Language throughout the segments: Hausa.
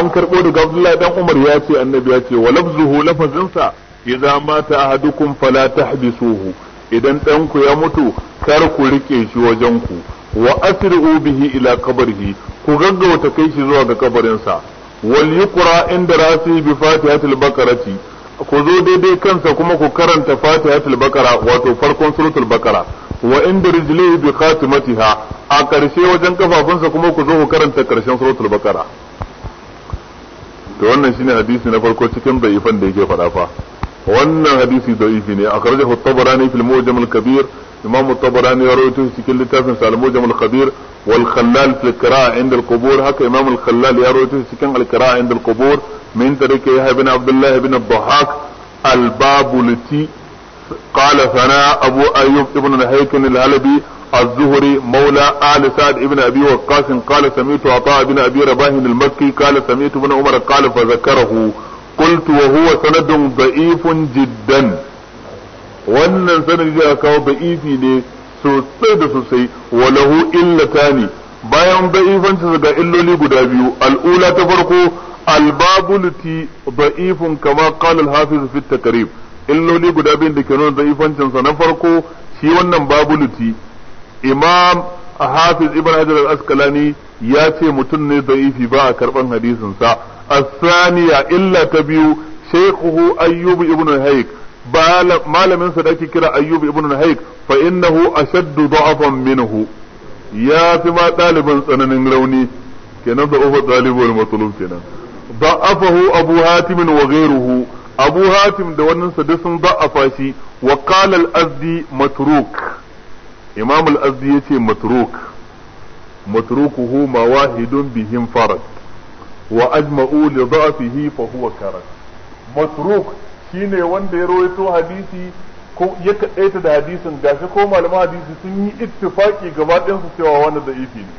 an karɓo daga Abdullahi dan Umar ya ce annabi ya ce wa lafzuhu lafazinsa idza mata ahadukum fala tahbisuhu idan dan ku ya mutu kar ku rike shi wajen ku wa asri'u bihi ila qabrihi ku gaggauta kai shi zuwa ga kabarinsa wal yuqra inda rasi bi fatihatil baqarati ku zo daidai kansa kuma ku karanta fatihatul bakara wato farkon suratul bakara wa inda rijlihi bi khatimatiha a ƙarshe wajen kafafunsa kuma ku zo ku karanta karshen suratul bakara to wannan shine hadisi na farko cikin da'ifan da yake faɗa fa wannan hadisi da'ifi ne akhrajahu at-tabarani fil mujam al-kabir imam at-tabarani ya rawaito cikin littafin sa al-mujam al-kabir wal khallal fil qira'a inda al-qubur haka imam al-khallal ya rawaito cikin al-qira'a inda al-qubur min tarike yahya ibn abdullah ibn ad-dhahhak al-babulti قال ثناء أبو أيوب ابن الهيكل الهلبي الزهري مولى آل سعد ابن أبي وقاص قال سمعت عطاء بن أبي رباح المكي قال سمعت ابن عمر قال فذكره قلت وهو سند ضعيف جدا wannan sanadi da kawo ba'ifi ne sosai da sosai wa lahu illatani bayan ba'ifanci ga illoli guda biyu al'ula ta farko albabulti ba'ifun kama qala hafizu hafiz fi illoli guda biyun da ke nuna ba'ifancinsa na farko shi wannan babuluti imam hafiz ibn hajar al-asqalani ya ce mutum ne da'ifi ba a karban hadisin sa Saniya illa ta biyu shaykhuhu ayyub ibn hayk malamin sa da ake kira ayyub ibn hayk fa innahu ashaddu da'afan minhu ya fi ma ɗaliban tsananin rauni kenan da ufa ɗalibul matsalub kenan da'afahu abu hatim wa ghayruhu abu hatim da wannan sa sun da'afa shi wa qala al-azdi matruk imam al ya yace matruk matrukuhu wahidun bihim farad wa ajma'u li dha'fihi fa huwa karat matruk shine wanda ya rawaito hadisi ko ya kadaita da hadisin gashi ko malama hadisi sun yi ittifaki gaba ɗayan su cewa wannan da ifi ne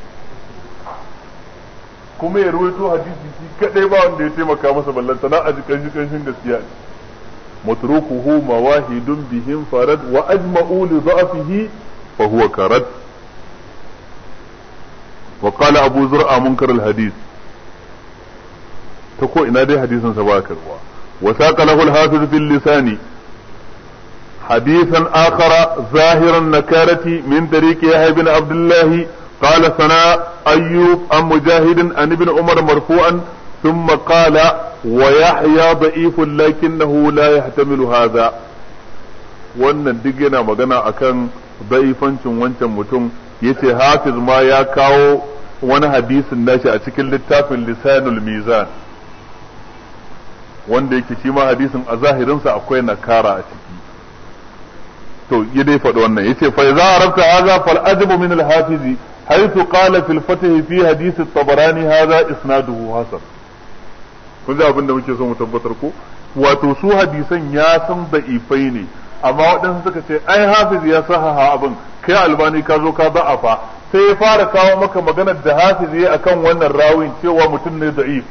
kuma ya rawaito hadisi shi kadai ba wanda ya taimaka masa ballanta na aji jikin kanshin gaskiya ne ma mawahidun bihim farad wa ajma'u li dha'fihi فهو كرد وقال أبو زرع آه، منكر الحديث تكو إنا دي حديثا سباكر وساق له الحافظ في اللسان حديثا آخر ظاهر النكارة من طريق يحيى بن عبد الله قال ثناء أيوب عن مجاهد عن ابن عمر مرفوعا ثم قال ويحيى ضعيف لكنه لا يحتمل هذا wannan duk yana magana akan daifancin wancan mutum yace hafiz ma ya kawo wani hadisin nashi a cikin littafin lisanul mizan wanda yake shi ma hadisin a zahirinsa akwai nakara a ciki to ya dai faɗi wannan yace fa idza arafta hadha fal ajabu min al hafiz haythu qala fil fath fi hadith at tabarani hadha isnaduhu hasan kun ga abin da muke so mu tabbatar ko wato su hadisan ya san da'ifai ne amma waɗansu suka ce ai hafiz ya sahaha abin kai albani ka zo ka fa sai ya fara kawo maka maganar da hafiz ya akan wannan rawin cewa mutum ne da'if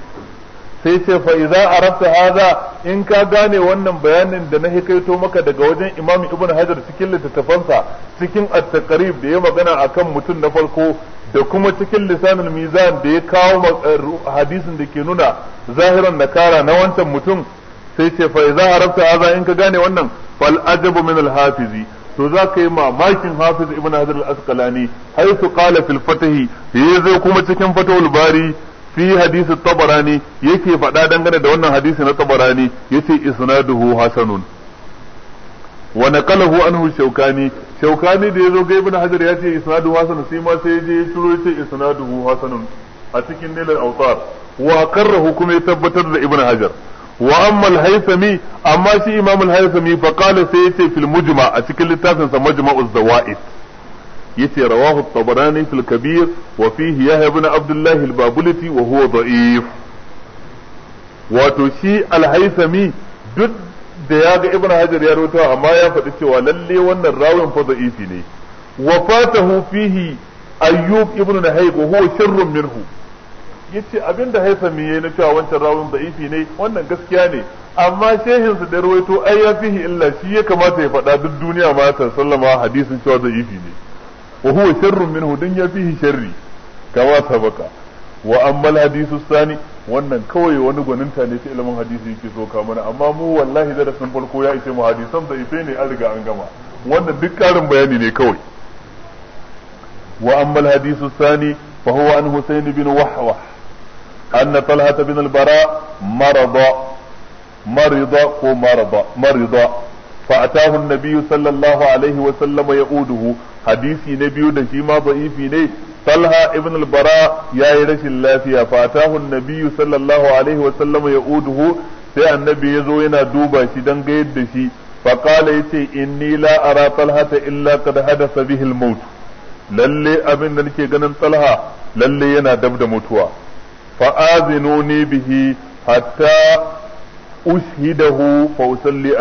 sai ce fa idza arafta hadha in ka gane wannan bayanin da na kaito maka daga wajen imam ibn hajar cikin littattafansa cikin at-taqrib da ya magana akan mutum na farko da kuma cikin lisanul mizan da ya kawo eh, hadisin da ke nuna zahiran nakara na wancan mutum sai ce fa a arabta aza in ka gane wannan fal ajabu min al hafizi to za ka yi mamakin hafiz ibn hajar al asqalani haythu qala fil fatih zai kuma cikin fatahul bari fi hadisi tabarani yake faɗa dangane da wannan hadisi na tabarani yace isnaduhu hasanun wa naqalahu anhu shaukani shaukani da yazo ga ibn hajar yace isnaduhu hasanun sai ma sai je turo yace isnaduhu hasanun a cikin nilal awtar wa karrahu kuma ya tabbatar da ibn hajar wa amma al amma shi imam al-haythami fa qala sai yace fil mujma a cikin littafin sa majma'uz zawaid yace rawahu at-tabarani fil kabir wa fihi yahya ibn abdullah al-babulati wa huwa da'if wato shi alhaisami duk da ya ga ibn hajar ya rawaito amma ya faɗi cewa lalle wannan rawin fa da'ifi ne wa fatahu fihi ayyub ibn nahayb wa huwa sharrun minhu yace abinda mi yayi na cewa wancan rawun da'ifi ne wannan gaskiya ne amma shehin su da ruwaito ai ya fihi illa shi ya kamata ya fada duk duniya ma ta sallama hadisin cewa da'ifi ne wa huwa sharrun minhu dan ya fihi sharri kama sabaka wa amma hadisu sani wannan kawai wani gwaninta ne ta ilimin hadisi yake so ka mana amma mu wallahi darasin farko ya ishe mu hadisan da'ife ne an riga an gama wannan duk ƙarin bayani ne kawai wa amma hadisu sani fa huwa an husayn bin wahwah أن طلحة بن البراء مرض مرض مرض مرض فأتاه النبي صلى الله عليه وسلم يؤوده حديثي نبي ده شيما ضعيفي ني طلحة ابن البراء يا رش اللافية فأتاه النبي صلى الله عليه وسلم يؤوده sai annabi ya zo yana duba shi don gayar da shi faƙala ya ce inni la ara talhata illa qad hadasa bihi al-maut lalle abin da nake ganin talha lalle yana dab da mutuwa fa'azinoni bihi hatta ushidahu fa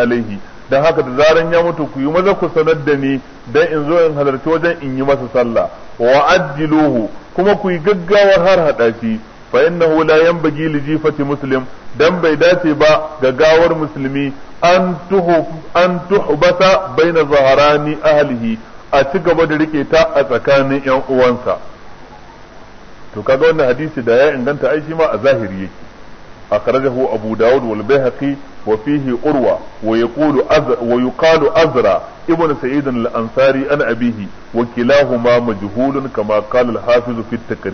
alaihi da haka da zaran ya mutu ku yi maza ku sanar da ni dan in zo in halarci wajen in yi masa sallah wa kuma ku yi gaggawar har hada shi fa innahu la yanbaghi li jifati muslim dan bai dace ba ga gawar musulmi an tuhu an tuhbata baina zaharani ahlihi a ci gaba da rike ta a tsakanin yan uwansa to kaga wannan hadisi da ya inganta ai shi ma a zahiri yake akhrajahu abu daud wal bayhaqi wa fihi urwa wa yaqulu azra wa yuqalu azra ibn sa'id al ansari an abihi wa kilahuma majhulun kama qala al hafiz fi at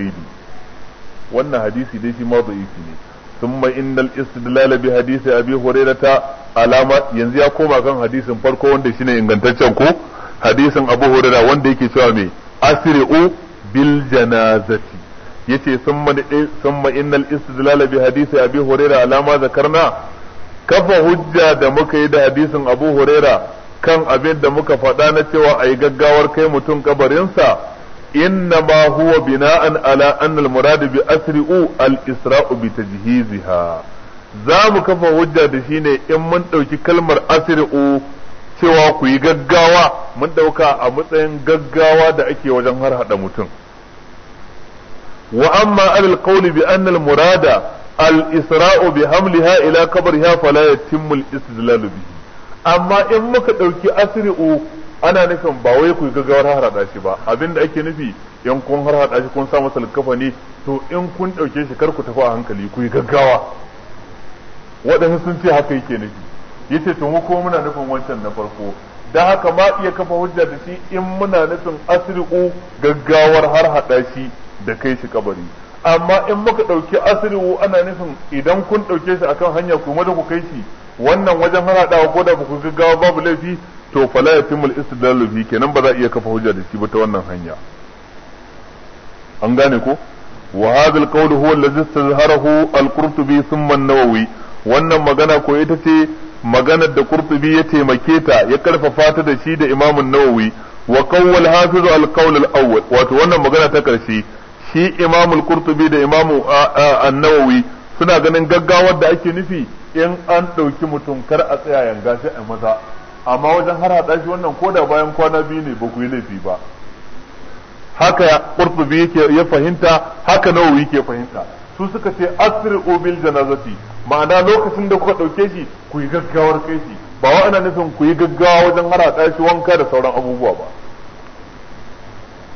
wannan hadisi dai shi ma da'ifi ne thumma innal istidlal bi hadisi abi hurairata alama yanzu ya koma kan hadisin farko wanda shine ingantaccen ko hadisin abu hurairah wanda yake cewa me asri'u bil janazati yace summa summa innal istidlal bi hadisi abi huraira alama zakarna kafa hujja da muka yi da hadisin abu huraira kan abin da muka faɗa na cewa ayi gaggawar kai mutum kabarinsa inna ma huwa bina'an ala annal al murad bi asri'u al isra'u bi tajhiziha za mu kafa hujja da shi ne in mun ɗauki kalmar asri'u cewa ku yi gaggawa mun ɗauka a matsayin gaggawa da ake wajen har haɗa mutum wa amma alal qawli bi anna al murada al isra'u bi hamliha ila qabriha fala yatimmu al istidlal amma in muka dauki asri'u ana nufin ba wai ku gaggawar harhaɗa shi ba abinda ake nufi in kun harhaɗa shi kun sa masa ne to in kun ɗauke shi kar ku tafi a hankali ku gaggawa waɗansu sun ce haka yake nufi yace to mu ko muna nufin wancan na farko dan haka ma iya kafa hujja da shi in muna nufin asri'u gaggawar harhaɗa shi da kai shi kabari amma in muka ɗauki asiri ana nufin idan kun ɗauke shi akan hanya kuma da ku kai shi wannan wajen haraɗawa ko da ba ku gaggawa babu laifi to fala ya timul bi kenan ba za a iya kafa hujja da shi ba ta wannan hanya an gane ko wa hadha alqawl huwa alladhi istazharahu al-qurtubi thumma an-nawawi wannan magana ko ita ce maganar da qurtubi ya taimake ta ya karfafa ta da shi da imamun nawawi wa qawl hafizu al-qawl awwal wato wannan magana ta karshe shi imamul qurtubi da imamu an suna ganin gaggawar da ake nufi in an ɗauki mutum kar a tsaya yanga shi a maza amma wajen har haɗa shi wannan koda bayan kwana biyu ne ba ku yi laifi ba haka qurtubi yake ya fahimta haka nawawi yake fahimta su suka ce asri'u bil janazati ma'ana lokacin da kuka ɗauke shi ku yi gaggawar kai shi ba wa nufin ku yi gaggawa wajen harhaɗa shi wanka da sauran abubuwa ba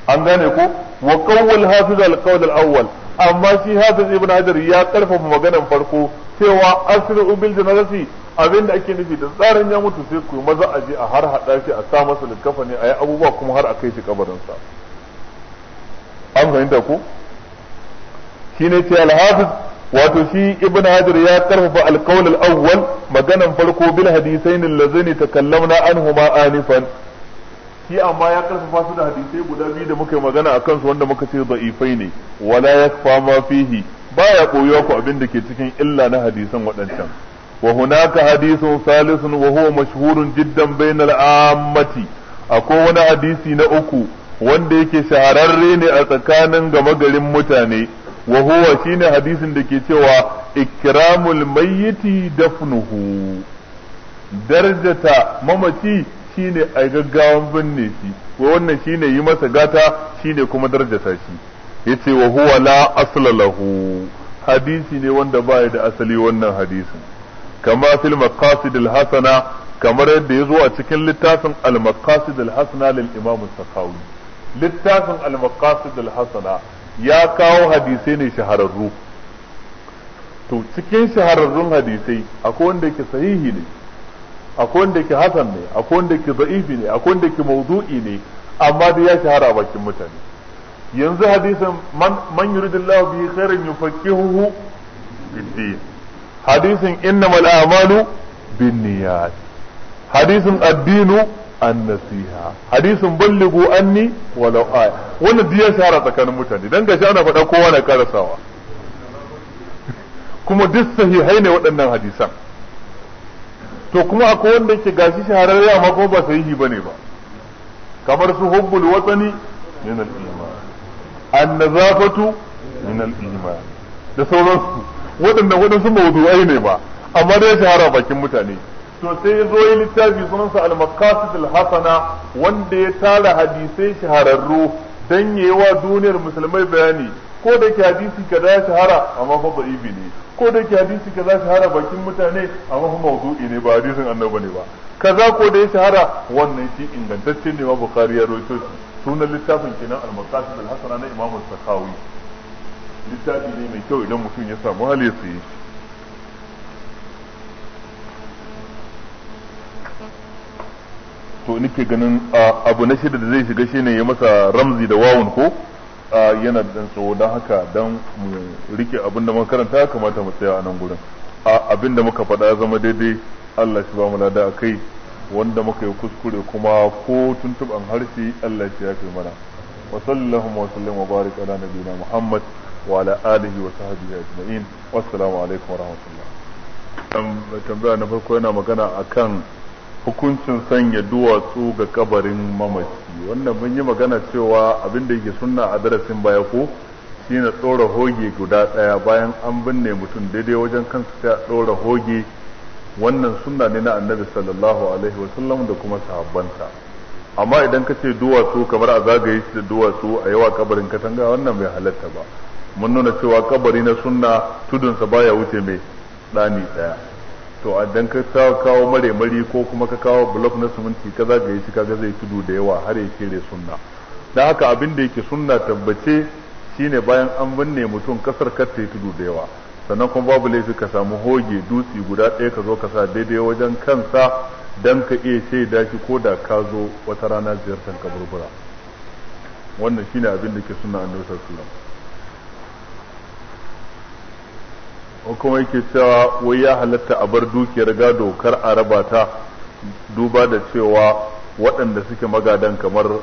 an gane ko wa qawwal hafiz al qawl al awwal amma shi hafiz ibn hajar ya karfafa maganan farko cewa asru bil janazati abinda ake nufi da tsarin ya mutu sai ku maza a je a har hada shi a sa masa likafa ne ayi abubuwa kuma har a kai shi kabarin sa an fahimta ko shine ce al hafiz wato shi ibn hajar ya karfafa al qawl al awwal maganan farko bil hadisain allazaini takallamna anhuma anifan shi amma ya karfafa su da hadisai guda biyu da muka yi magana a kansu wanda muka ce za'ifai ne wala yakfa ma fihi ya koyuwa ku abin da ke cikin illa na hadisan waɗancan wa hunaka hadisun salisun wa huwa mashhurun jiddan bainal ammati akwai wani hadisi na uku wanda yake shahararre ne a tsakanin gama garin mutane wa huwa shine hadisin da ke cewa ikramul mayyiti dafnuhu darjata mamaci shine a gaggawan binne shi wa wannan shine yi masa gata shine kuma darjata shi yace wa huwa la asla lahu hadisi ne wanda baya da asali wannan hadisin kama fil maqasid al hasana kamar yadda ya zo a cikin littafin al maqasid al hasana lil imam sakawi littafin al maqasid al hasana ya kawo hadisai ne shahararru to cikin shahararrun hadisai akwai wanda yake sahihi ne akwai wanda ke hasan ne akwai wanda ke za'ifi ne akwai wanda ke mawdu'i ne amma dai ya shahara a bakin mutane yanzu hadisin man man yuridillahu bihi khairan yufaqihuhu bid-din hadisin innamal a'malu binniyat hadisin addinu an-nasiha hadisin ballighu anni walau aya wannan dai shahara tsakanin mutane dan gashi ana faɗa kowa na karasawa kuma duk sahihai ne waɗannan hadisan to kuma akwai wanda yake gashi shahararre amma kuma ba sahihi bane ba kamar su hubbul watani min al-iman an-nazafatu min al-iman da sauransu Waɗanda waɗansu mawdu'ai ne ba amma dai shahara bakin mutane to sai ya zo yi littafi sunansa al-maqasid al-hasana wanda ya tara hadisai shahararru dan yayi duniyar musulmai bayani ko da ke hadisi kaza ya shahara amma fa Ibi ne ko da ke hadisi za shi shahara bakin mutane amma fa mawdu'i ne ba hadisin annabi ne ba kaza ko da ya shahara wannan shi ingantacce ne ma bukhari ya rawaito sunan littafin kenan al-maqasid al-hasana na imam sakawi littafi ne mai kyau idan mutum ya samu hali ya sayi to nake ganin abu na shida da zai shiga shine ya masa ramzi da wawun ko yana da tsawo don haka don mu rike abin da makaranta kamata mu tsaya a nan gurin abin da muka faɗa zama daidai Allah shi ba mu lada a kai wanda muka yi kuskure kuma ko tuntuban harshe Allah shi ya kai mana wa sallallahu wa sallam wa barik ala nabiyina Muhammad wa ala alihi wa sahbihi ajma'in wassalamu alaikum wa rahmatullah tambaya na farko yana magana akan hukuncin sanya duwatsu ga kabarin mamaci wannan mun yi magana cewa abin da yake sunna a darasin baya ko na ɗora hoge guda ɗaya bayan an binne mutum daidai wajen kansa sai a ɗora hoge wannan sunna ne na annabi sallallahu alaihi wasallam da kuma sahabbanta amma idan ka ce duwatsu kamar a zagaye shi da duwatsu a yawa kabarin katanga wannan bai halatta ba mun nuna cewa kabari na sunna tudunsa baya wuce mai ɗani ɗaya to a dan ka kawo maremari ko kuma ka kawo block na siminti ka zagaye shi kaga zai tudu da yawa har ya kere sunna dan haka abin da yake sunna tabbace shine bayan an binne mutum kasar kar ta tudu da yawa sannan kuma babu laifi ka samu hoge dutsi guda ɗaya ka zo ka sa daidai wajen kansa dan ka iya da shi ko da ka zo wata rana ziyartar kaburbura wannan shine abin da ke sunna annabi sallallahu alaihi wasallam ko kuma yake cewa wai ya halatta a bar dukiyar gado kar a raba ta duba da cewa waɗanda suke magadan kamar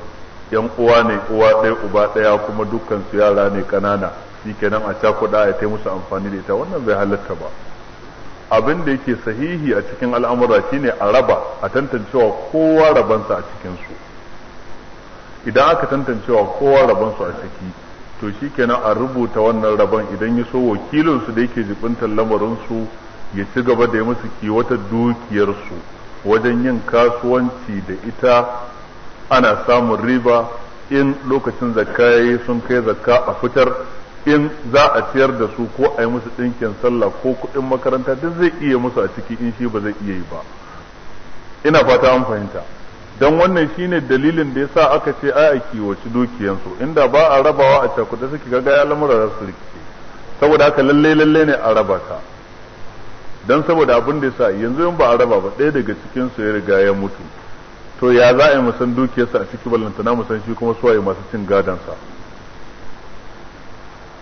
yan uwa ne uwa ɗaya uba ɗaya kuma dukkan su yara ne ƙanana shi kenan a kuɗa a ta musu amfani da ita wannan bai halatta ba abin da yake sahihi a cikin al'amura shine a raba a tantancewa kowa rabansa a cikinsu idan aka tantancewa kowa rabansu a ciki to shi kenan a rubuta wannan rabon idan ya so wakilinsu da yake jibintar lamarinsu ya ci gaba da ya musu kiwata dukiyarsu wajen yin kasuwanci da ita ana samun riba in lokacin zakka sun kai zakka a fitar in za a ciyar da su ko a yi musu ɗinkin sallah ko kuɗin makaranta duk zai iya musu a ciki in shi ba zai iya yi ba ina fata an fahimta don wannan shine dalilin da ya sa aka ce ai a kiwaci dukiyansu inda ba a rabawa a cakuta suke ga ya lamura za su rikice saboda haka lalle lalle ne a raba ta don saboda abin da yasa yanzu in ba a raba ba ɗaya daga cikin su ya riga ya mutu to ya za a yi musan dukiyarsa a ciki ballantana musan shi kuma suwaye masu cin gadonsa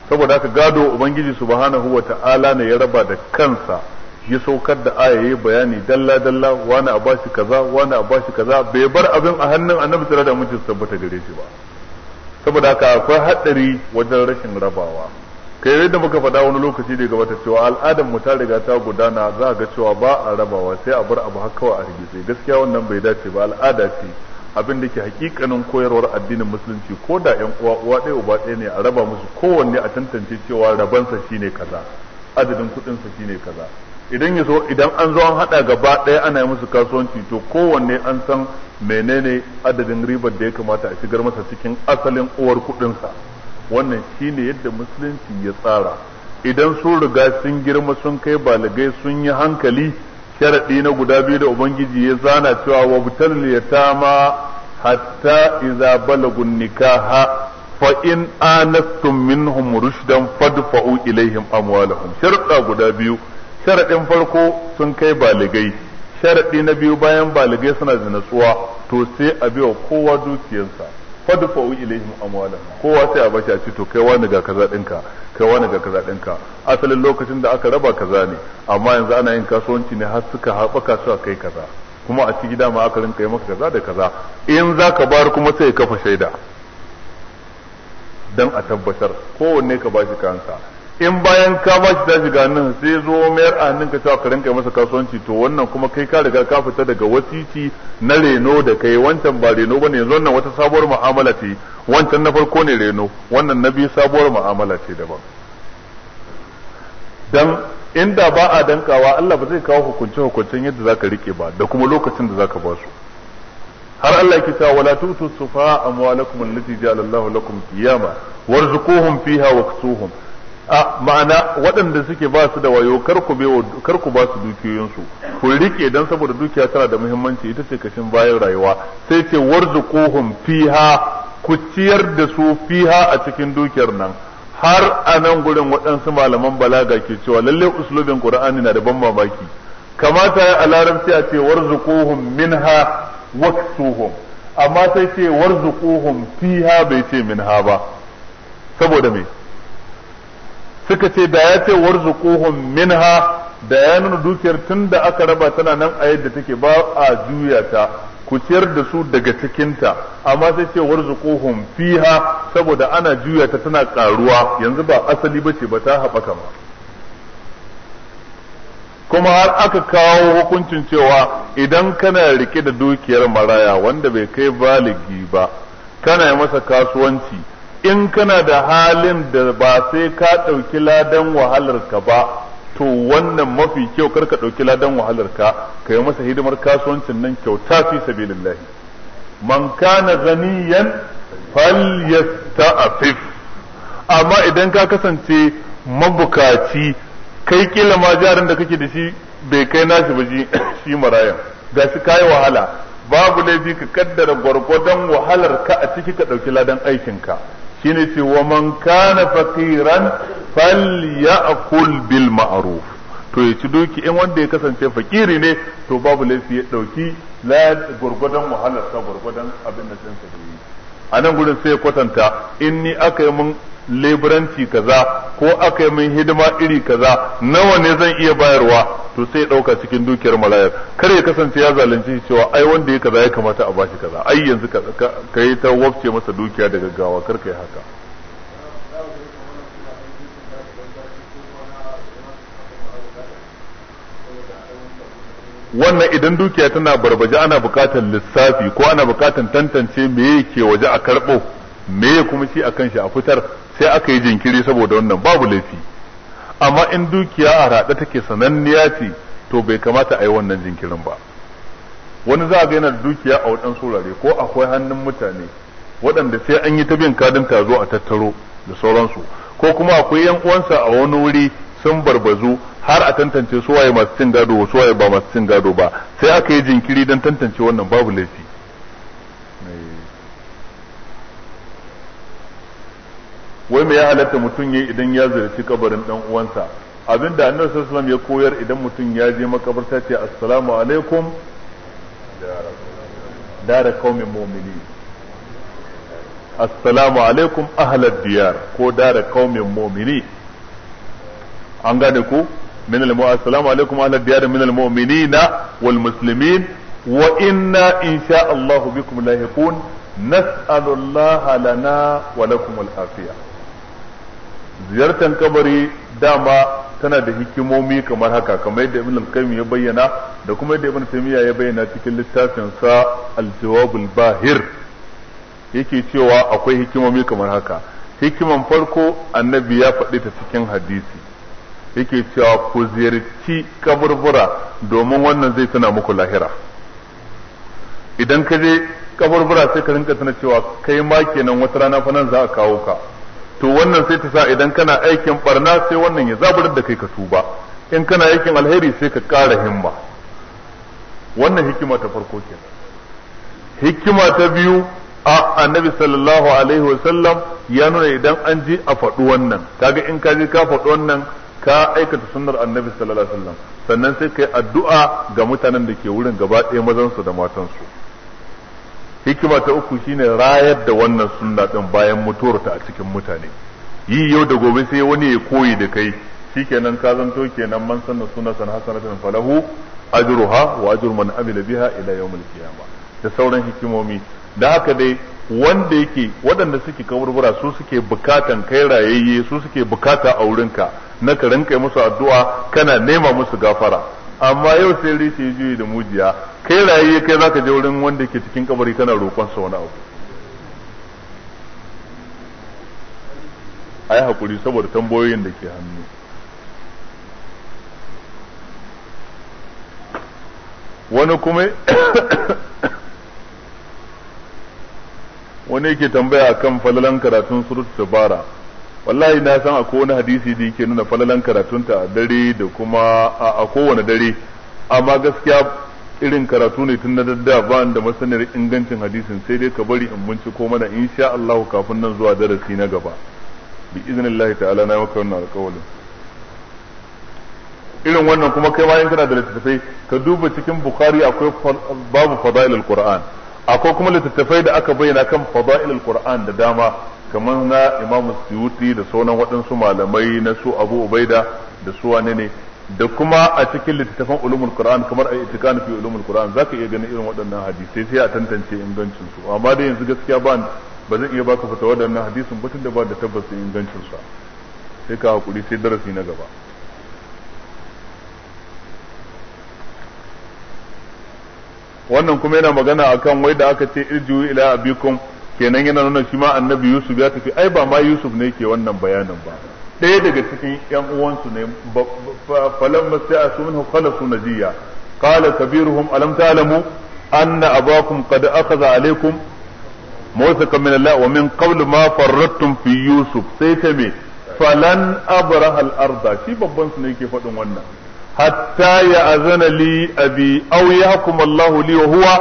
saboda haka gado ubangiji subhanahu wa ta'ala ne ya raba da kansa ya saukar da ayaye bayani dalla dalla wani a bashi kaza wani a bashi kaza bai bar abin a hannun annabi tsira da mutum tabbata gare shi ba saboda haka akwai haɗari wajen rashin rabawa kai yadda muka faɗa wani lokaci da gabata cewa al'adar mu ta riga ta gudana za ga cewa ba a rabawa sai a bar abu har kawai a sai gaskiya wannan bai dace ba al'ada ce abin da ke hakikanin koyarwar addinin musulunci ko da yan uwa uwa ɗaya uba ɗaya ne a raba musu kowanne a tantance cewa rabansa shine kaza adadin kuɗinsa shine kaza idan ya so idan an zo an hada gaba ɗaya ana yi musu kasuwanci to kowanne an san menene adadin ribar da ya kamata a shigar masa cikin asalin uwar kuɗinsa wannan shine yadda musulunci ya tsara idan sun riga sun girma sun kai balagai sun yi hankali sharaɗi na guda biyu da ubangiji ya zana cewa wa butal ma hatta idza balagun nikaha fa in anastum minhum rushdan fadfa'u ilaihim amwalahum sharaɗa guda biyu sharaɗin farko sun kai baligai sharaɗi na biyu bayan baligai suna da natsuwa to sai a biya kowa dukiyarsa fadfa'u ilaihim amwalan kowa sai a bashi a ce to kai wani ga kaza ɗinka kai wani ga kaza ɗinka asalin lokacin da aka raba kaza ne amma yanzu ana yin kasuwanci ne har suka haɓaka su kai kaza kuma a ci gida ma aka rinka yi maka kaza da kaza in za ka bayar kuma sai kafa shaida dan a tabbatar kowanne ka bashi kansa in bayan ka ba shi ta ga nan sai zo mayar a hannun ka cewa ka rinka masa kasuwanci to wannan kuma kai ka riga ka fita daga wasici na reno da kai wancan ba reno bane yanzu wannan wata sabuwar mu'amala ce wancan na farko ne reno wannan na biyu sabuwar mu'amala ce daban dan inda ba a dankawa Allah ba zai kawo hukunci hukuncin yadda zaka rike ba da kuma lokacin da zaka ba su har Allah yake cewa wala tutu sufa amwalakum allati ja'alallahu Allahu lakum qiyama warzuquhum fiha waqtuhum a ma'ana waɗanda suke ba su da wayo kar ku ba su dukiyoyinsu ku rike dan saboda dukiya tana da muhimmanci ita ce kashin bayan rayuwa sai ce kohun fiha ku ciyar da su fiha a cikin dukiyar nan har a nan gurin waɗansu malaman balaga ke cewa lallai uslubin qur'ani na da ban mamaki kamata ya a larabci a ce warzuquhum minha waksuhum amma sai ce kohun fiha bai ce minha ba saboda me suka ce da ya ce warzuquhum minha da ya nuna dukiyar tunda aka raba tana nan a yadda take ba a juya ta ku ciyar da su daga cikinta amma sai ce warzuquhum fiha saboda ana juya ta tana karuwa yanzu ba asali ba ce ba ta haɓaka ma kuma har aka kawo hukuncin cewa idan kana rike da dukiyar maraya wanda bai kai baligi ba kana yi masa kasuwanci in kana da halin da ba sai ka ɗauki ladan wahalarka ba to wannan mafi kyau kar ka ɗauki ladan wahalar ka yi masa hidimar kasuwancin nan kyauta fi sabilillahi man kana zaniyan falyasta'fif amma idan ka kasance mabukaci kai kila ma jarin da kake da shi bai kai nashi ba shi marayan gashi kai wahala babu laifi ka kaddara gwargwadon wahalar ka a ciki ka ɗauki ladan aikinka shine ce wa man kana faqiran falyakul bil ma'ruf to ya ci doki in wanda ya kasance fakiri ne to babu laifi ya dauki la gurgudan wahalar sa gurgudan abin da sai sa yi a gurin sai kwatanta in ni aka yi mun leburanci kaza ko aka yi min hidima iri kaza nawa ne zan iya bayarwa to sai ɗauka dauka cikin dukiyar malayar kar ya kasance ya zalunci cewa ai wanda ya kaza ya kamata a bashi kaza ai yanzu ka yi ta wafce masa dukiya da gaggawa kar ka yi haka wannan idan dukiya tana barbaje ana bukatar lissafi ko ana bukatar tantance me yake waje a karɓo me kuma shi a kan shi a fitar sai aka yi jinkiri saboda wannan babu laifi amma in dukiya a raɗa take sananniya ce to bai kamata a yi wannan jinkirin ba wani za a ga yana da dukiya a wadansu wurare ko akwai hannun mutane waɗanda sai an yi ta bin kadin tazo a tattaro da sauransu ko kuma akwai yan uwansa a wani wuri sun barbazu har a tantance su waye masu cin gado su waye ba masu cin gado ba sai aka yi jinkiri don tantance wannan babu laifi wai me ya halatta mutum yayi idan ya ziyarci kabarin dan uwansa abinda annabi sallallahu alaihi wasallam ya koyar idan mutum ya je makabarta ce assalamu alaikum dara qaumin mu'minin assalamu alaikum ahlad diyar ko dara qaumin mu'minin an gane ku Min من الم... السلام عليكم أهل الديار من المؤمنين والمسلمين وإنا إن شاء الله بكم لاهقون نسأل الله لنا ولكم العافية ziyartar kabari dama tana da hikimomi kamar haka kamar yadda ibn al-qayyim ya bayyana da kuma yadda ibn taymiya ya bayyana cikin littafin sa al-jawabul bahir yake cewa akwai hikimomi kamar haka hikiman farko annabi ya faɗi ta cikin hadisi yake cewa ku ziyarci kaburbura domin wannan zai tana muku lahira idan ka je kaburbura sai ka rinka tana cewa kai ma kenan wata rana fa nan za a kawo ka to wannan sai ta sa idan kana aikin barna sai wannan ya zaburar da kai ka tuba in kana aikin alheri sai ka ƙara himma wannan hikima ta farko ke hikima ta biyu a annabi sallallahu alaihi wasallam ya nuna idan an ji a faɗi wannan kaga in ka je ka faɗi wannan ka aikata sunnar annabi sallallahu alaihi wasallam sannan sai kai addu'a ga mutanen da ke wurin gaba ɗaya mazansu da matansu hikima ta uku shine rayar da wannan sunna din bayan mutuwar ta a cikin mutane yi yau da gobe sai wani ya koyi da kai shikenan ka zanto kenan man sanna san hasanatan falahu ajruha wa ajru man amila biha ila yawmil qiyamah da sauran hikimomi da haka dai wanda yake waɗanda suke kaburbura su suke bukatan kai rayayye su suke bukata a wurinka na ka rinka musu addu'a kana nema musu gafara amma yau sai rishi ya juyi da mujiya kai raye kai zaka je wurin wanda ke cikin kabari kana roƙon sa wani abu ai hakuri saboda tambayoyin da ke hannu wani kuma wani yake tambaya kan falalan karatun surutu bara. wallahi na san akwai wani hadisi da yake nuna falalan karatunta a dare da kuma a kowane dare amma gaskiya irin karatu ne tun na dadda ba da masaniyar ingancin hadisin sai dai ka bari in binciko mana insha Allah kafin nan zuwa darasi na gaba bi iznillahi ta'ala na maka wannan alƙawarin irin wannan kuma kai bayan kana da littattafai ka duba cikin bukhari akwai babu fadailul qur'an akwai kuma littattafai da aka bayyana kan fadailul qur'an da dama kamar na imamu suyuti da sauran waɗansu malamai na su abu ubaida da su wane ne da kuma a cikin littattafan ulumul qur'an kamar a itikani fi ulumul qur'an zaka iya ganin irin waɗannan hadisai sai a tantance ingancin su amma dai yanzu gaskiya ba ba zan iya baka fata waɗannan hadisin ba tunda ba da tabbas ingancinsu sa sai ka hakuri sai darasi na gaba wannan kuma yana magana akan wai da aka ce irjiyu ila abikum kenan yana nuna shi ma annabi yusuf ya tafi ai ba ma yusuf ne ke wannan bayanin ba ɗaya daga cikin yan uwansu ne falan mastai'asu minhu khalasu najiya qala kabiruhum alam ta'lamu anna abakum qad akhadha alaykum موثقا من الله ومن قبل ما فرطتم في يوسف سيتمي falan abraha al-arda shi babban su ne yake faɗin wannan hatta ya azana li abi aw yahkum Allahu li wa huwa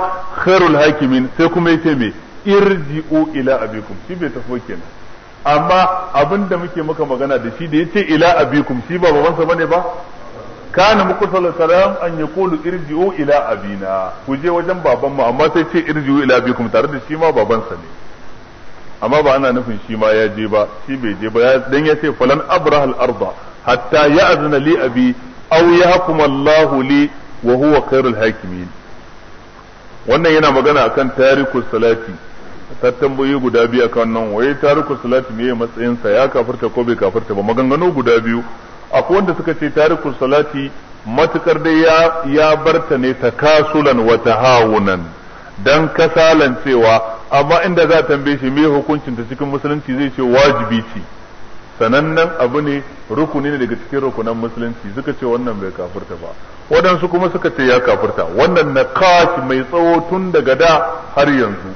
khairul hakimin sai kuma yace me irji'u ila abikum shi bai tafi kenan amma abin da muke maka magana da shi da yace ila abikum shi ba babansa bane ba kana muku salam an yaqulu irji'u ila abina ku je wajen baban mu amma sai ce irji'u ila abikum tare da shi ma sa ne amma ba ana nufin shi ma ya je ba shi bai je ba dan ya ce falan abrahal arda hatta ya'zana li abi aw yahkum Allah li wa huwa khairul hakimin wannan yana magana akan tariku salati ta tambayi guda biyu kan nan waye tariku salati me matsayin sa ya kafirta ko bai kafirta ba maganganu guda biyu akwai wanda suka ce tariku salati matukar dai ya ya barta ne takasulan wa tahawunan dan kasalan cewa amma inda za tambaye shi me hukuncin ta cikin musulunci zai ce wajibi ce sanannen abu ne rukuni ne daga cikin rukunan musulunci suka ce wannan bai kafirta ba waɗansu kuma suka ce ya kafirta wannan naqash mai tsawo tun daga da har yanzu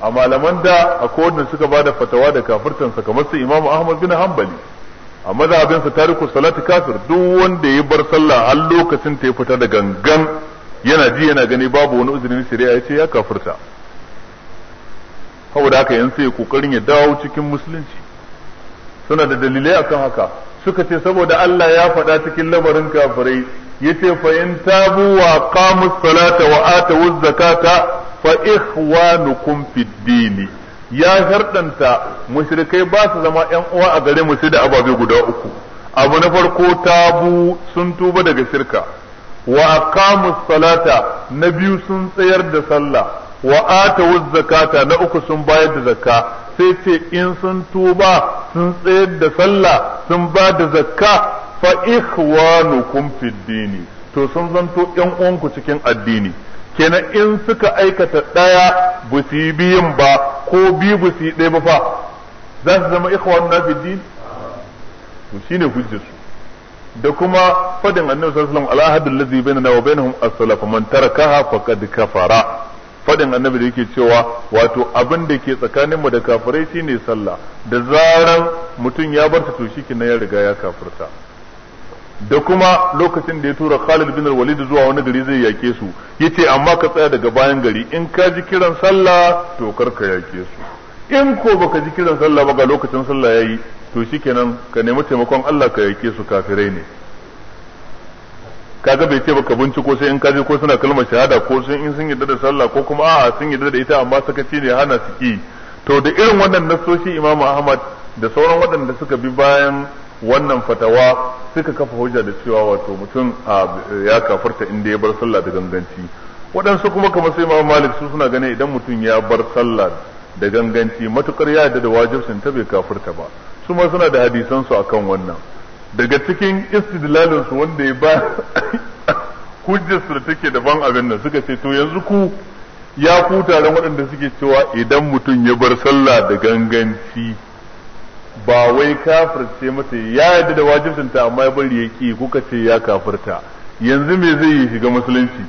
a malaman da a kowanne suka ba da fatawa da kafirtansa kamar su imamu Ahmad bin Hambali, a mazhabin sa tariku Salatu, kafir duk wanda ya bar sallah har lokacin ta ya fita da gangan yana ji yana gani babu wani uzurin shari'a ya ce ya kafirta saboda haka yanzu sai kokarin ya dawo cikin musulunci suna da dalilai akan haka suka ce saboda Allah ya faɗa cikin lamarin kafirai yace fa in tabu wa qamus salata wa atu zakata fa ikhwanukum fid dini ya sharɗanta mushrikai ba su zama ƴan uwa a gare mu sai da ababe guda uku abu na farko tabu sun tuba daga shirka wa aqamu salata na biyu sun tsayar da sallah wa atawu zakata na uku sun bayar da zakka sai ce in sun tuba sun tsayar da sallah sun ba da zakka fa ikhwanukum fid to sun zanto ƴan uwanku cikin addini kenan in suka aikata ɗaya busi su biyun ba ko biyu ba ɗaya ba fa za su zama ikhwan na din to shine hujjar su da kuma fadin annabi sallallahu alaihi wasallam ala hadil ladzi bainana wa bainahum as-salaf man tarakaha faqad kafara fadin annabi da yake cewa wato abin da ke tsakanin mu da kafirai shine sallah da zaran mutum ya bar ta to shikenan ya riga ya kafirta da kuma lokacin da ya tura Khalid bin Walid zuwa wani gari zai yake su yace amma ka tsaya daga bayan gari in ka ji kiran sallah to kar ka yake su in ko baka ji kiran sallah ba ga lokacin sallah yayi to shikenan ka nemi taimakon Allah ka yake su kafirai ne kaga bai ce baka binciko sai in ka ji ko suna kalmar shahada ko sun in sun yarda da sallah ko kuma a sun yarda da ita amma sakaci ne hana su ki to da irin wannan nasoshi Imam Ahmad da sauran waɗanda suka bi bayan wannan fatawa suka kafa hujja da cewa wato mutum ya kafarta inda ya bar sallah da ganganci waɗansu kuma kamar sai ma malik su suna ganin idan mutum ya bar sallah da ganganci matukar ya da wajibsin ta bai kafarta ba su ma suna da hadisan su akan wannan daga cikin istidlalin su wanda ya ba hujjar su da take daban abin nan suka ce to yanzu ku ya ku taron waɗanda suke cewa idan mutum ya bar sallah da ganganci ba wai kafirce mata ya yarda da wajibcinta amma ya bari ya ki kuka ce ya kafirta yanzu me zai yi shiga musulunci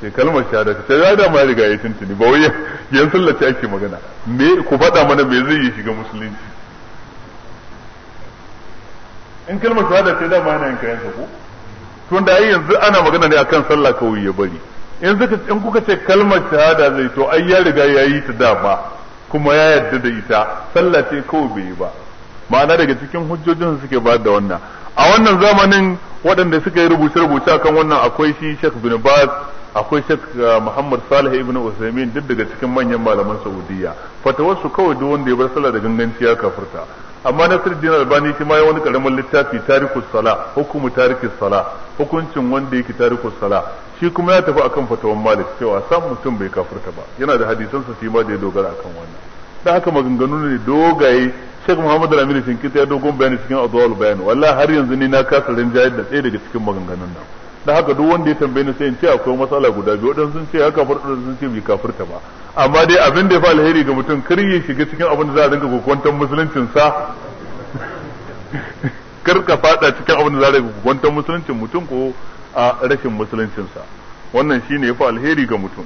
ce eh, kalmar shahada ce ya da mai riga ya tuntuni ba wai yan sallace ake magana me ku faɗa mana me zai yi shiga musulunci in kalmar shahada ce da ma yana yin kayan ko Tun da yanzu ana magana ne akan sallah kawai ya bari in in kuka ce kalmar shahada zai to ai ya riga ya yi ta dama kuma ya yarda da ita sallah ce kawai bai yi ba ma'ana daga cikin hujjojin suke ba da wannan a wannan zamanin waɗanda suka yi rubuce-rubuce kan wannan akwai shi Sheikh bin Baz akwai Sheikh uh, Muhammad Salih ibn Usaimin duk daga cikin manyan malaman Saudiya fatawarsu kawai duk wanda ya bar sallah da ganganci ya kafirta amma Nasiruddin Albani shi ma ya wani karamin littafi tariku sala hukumu tarikus sala hukuncin wanda yake tarikus sala shi kuma ya tafi akan fatawan Malik cewa sam mutum bai kafirta ba yana da hadisan sa shi ma da ya dogara akan wannan dan haka maganganu ne dogaye Sheikh Muhammad al Shinkita ya dogon bayani cikin Adwal Bayan wallahi har yanzu ni na kasa rinjayar da tsaye daga cikin maganganun nan da haka duk wanda ya tambaye ni sai in ce akwai matsala guda biyu wadansu sun ce ya kafar da sun ce bai kafirta ba amma dai abin da ya fa alheri ga mutum kar ya shiga cikin abin da za a dinga kokwantar musuluncin sa kar ka fada cikin abin da za a dinga kokwantar musuluncin mutum ko a rashin musuluncin sa wannan shine ya fi alheri ga mutum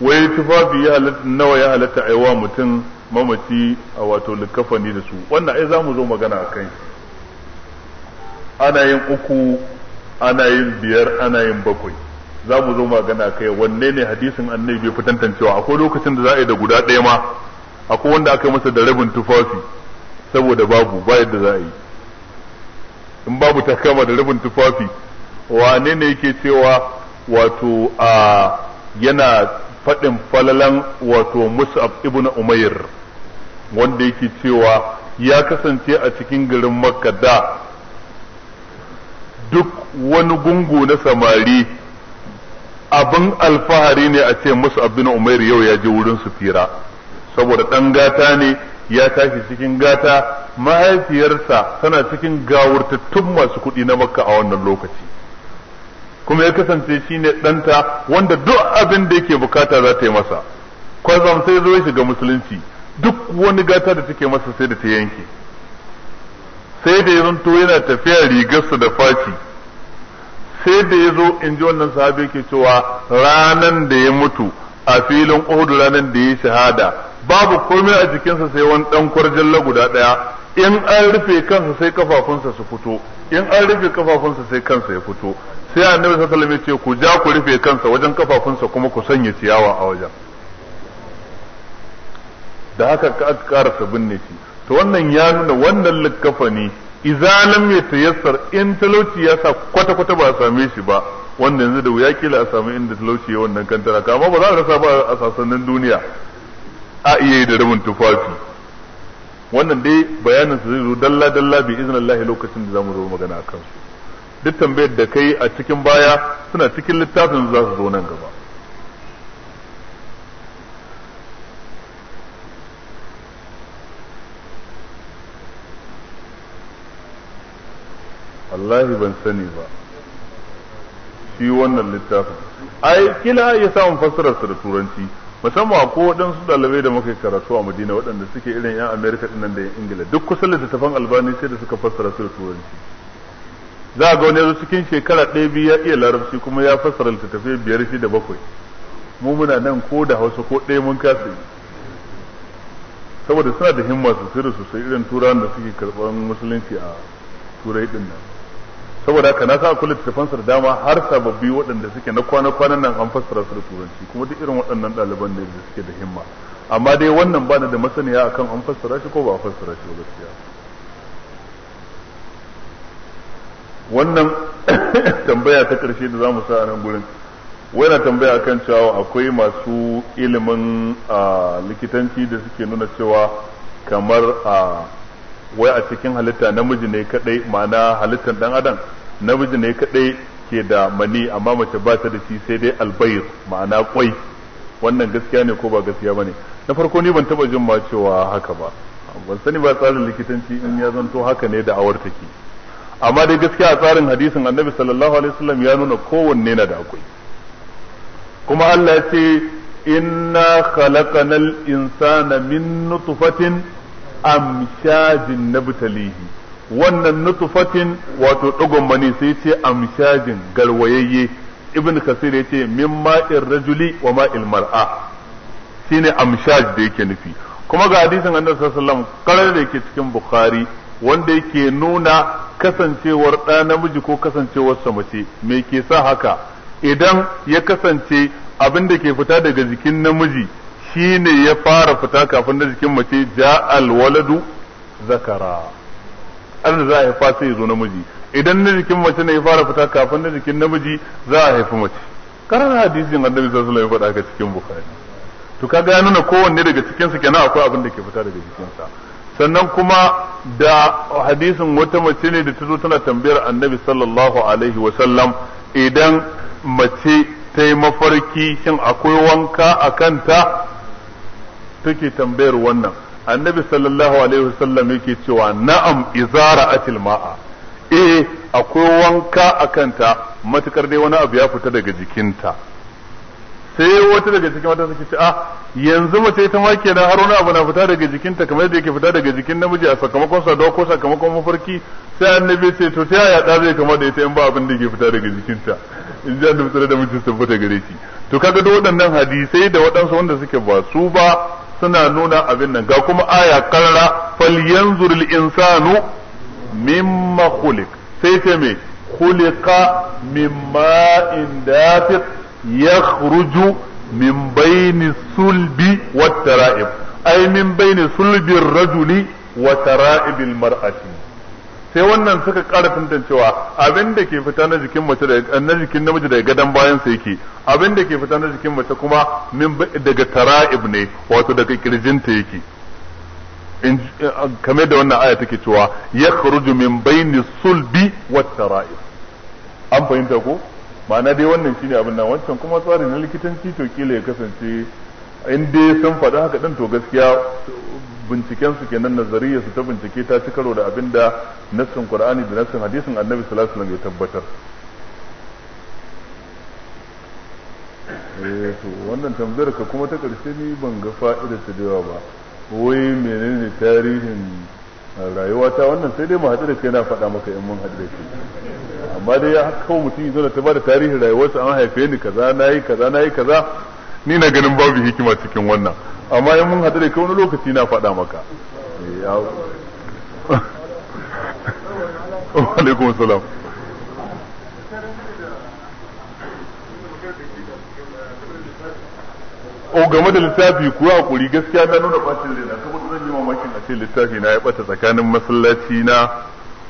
wai tufafi ya halatta nawa ya halatta aiwa mutum mamaci a wato likafani da su wannan ai za mu zo magana a kai ana yin uku ana yin biyar ana yin bakwai za mu zo magana a kai wanne ne hadisin annabi bai fitantancewa akwai lokacin da za a yi da guda ɗaya ma akwai wanda aka yi masa da rabin tufafi saboda babu ba yadda za a yi in babu ta kama da rabin tufafi wane ne yake cewa wato a yana faɗin falalan wato mus'ab ibn umair wanda yake cewa ya kasance a cikin garin makka da duk wani gungu na samari abin alfahari ne a ce musu abin umair yau ya je wurin su fira saboda ɗan gata ne ya tashi cikin gata mahaifiyarsa tana cikin gawurtattun masu kuɗi na makka a wannan lokaci kuma ya kasance shi ne ɗanta wanda duk abin da yake bukata za ta yi masa kwazam sai zo ya shiga musulunci duk wani gata da take masa sai da ta yanke sai da ya zanto yana tafiya rigarsa da faci sai da ya zo in ji wannan sahabi yake cewa ranan da ya mutu a filin ƙudu ranan da ya shahada babu komai a jikinsa sai wani dan kwarjalla guda ɗaya. in an rufe kansa sai kafafunsa su fito in an rufe kafafunsa sai kansa ya fito sai annabi sallallahu alaihi ce ku ja ku rufe kansa wajen kafafunsa kuma ku sanya ciyawa a wajen da haka ka ƙara sabbin ne shi to wannan ya nuna wannan likkafa ne idza lam yatayassar in talauci ya sa kwata kwata ba a same shi ba wanda yanzu da wuya kila a samu inda talauci ya wannan kantara kama ba za a rasa ba a sasannin duniya a iya yi da rabin tufafi wannan dai bayanin su zai zo dalla dalla bi iznillahi lokacin da zamu zo magana akan su duk tambayar da kai a cikin baya suna cikin littafin za su zo nan gaba wallahi ban sani ba shi wannan littafin ai kila ya samu fassararsa da turanci musamman ko waɗansu ɗalibai da muka karatu a madina waɗanda suke irin 'yan amerika ɗin nan da 'yan ingila duk kusan littattafan albani sai da suka fassara su da turanci za ga wani cikin shekara ɗaya biyu ya iya larabci kuma ya fassara littattafai biyar shi da bakwai mu muna nan ko da hausa ko ɗaya mun kasa yi saboda suna da himma sosai da sosai irin turawan da suke karɓar musulunci a turai ɗin nan saboda haka na sa akwai littattafan da dama har sababbi waɗanda suke na kwana-kwanan nan an fassara su da turanci kuma duk irin waɗannan ɗaliban ne da suke da himma amma dai wannan ba da masaniya akan an fassara shi ko ba a fassara shi ba gaskiya wannan tambaya ta ƙarshe da za mu sa a nan gurin na tambaya kan cewa akwai masu ilimin likitanci da suke nuna cewa kamar a wai a cikin halitta namiji ne kadai ma'ana halittar dan adam namiji ne kadai ke da mani amma mace ba ta da shi sai dai albayir ma'ana kwai wannan gaskiya ne ko ba gaskiya bane na farko ni ban taba jin ma cewa haka ba ban sani ba tsarin likitanci in ya zanto haka ne da awar take amma dai gaskiya a tsarin hadisin annabi sallallahu alaihi wasallam ya nuna kowanne na da akwai kuma Allah ya ce inna khalaqanal insana min nutfatin amshajin nabtalihi wannan nutfatin wato dugun mani sai ce amshajin galwayayye ibn kasir ya ce min ma'ir rajuli wa ma'il mar'a shine amshaj da yake nufi kuma ga hadisin annabi sallallahu alaihi wasallam karar da yake cikin bukhari wanda yake nuna kasancewar ɗa namiji ko kasancewar sa mace me ke sa haka idan ya kasance abin da ke fita daga jikin namiji shine ya fara fita kafin na jikin mace ja waladu zakara an za a haifa sai zo namiji idan na jikin mace ne ya fara fita kafin na jikin namiji za a haifi mace karan hadisin annabi sallallahu alaihi wasallam ya faɗa cikin bukhari to kaga ya nuna kowanne daga cikin su kenan akwai abin da ke fita daga jikin sa sannan kuma da hadisin wata mace ne da ta zo tana tambayar annabi sallallahu alaihi wasallam idan mace ta yi mafarki shin akwai wanka a kanta take tambayar wannan annabi sallallahu alaihi wasallam yake cewa na'am izara atil ma'a eh akwai wanka a kanta matukar dai wani abu ya fita daga jikinta sai wata daga cikin mata suke ce a ah, yanzu mace ta ma kenan har wani abu na fita daga jikinta kamar yadda yake fita daga jikin namiji a sakamakon sadawa ko sakamakon mafarki sai annabi sai to sai ya da zai kama da ita in ba abin da yake fita daga jikinta in ji annabi tsare da mutum ta gare shi to kaga da waɗannan hadisai da waɗansu wanda suke ba su ba suna nuna abin nan ga kuma aya karra yanzur al insanu mimma khuliq sai ce me khuliqa mimma in dafiq يخرج min بين sulbi والترائب tara'ib من min صلب الرجل وترائب المرأة sai wannan suka ƙara cewa abin da ke fita na jikin mace na jikin namiji daga gadon bayan sa yake abin da ke fita na jikin mace kuma min daga tara'ib ne wato daga kirjinta yake eh, ah, kame da wannan aya take cewa ya min baini sulbi wat tara'ib an fahimta ko ma'ana dai wannan shine abin nan wancan kuma tsarin na likitanci to kila ya kasance in dai sun faɗi haka ɗin to gaskiya binciken su kenan nazariya su ta bincike ta ci karo da abin da nassin qur'ani da nassin hadisin annabi sallallahu alaihi wasallam ya tabbatar eh wannan tambayar ka kuma ta karshe ni ban ga fa'idar ta da ba wai menene tarihin rayuwata wannan sai dai mu haɗu da kai na faɗa maka in mun haɗu da kai amma dai ya kawo mutum zo da ta bada tarihin rayuwarsa an haife ni kaza na yi kaza na yi kaza ni na ganin babu hikima cikin wannan amma in mun hadu da kai wani lokaci na faɗa maka eh, alaikum salam o game da littafi kuwa kuri gaskiya na nuna bacin rena kuma zan yi mamakin a ce littafi na ya bata tsakanin masallaci na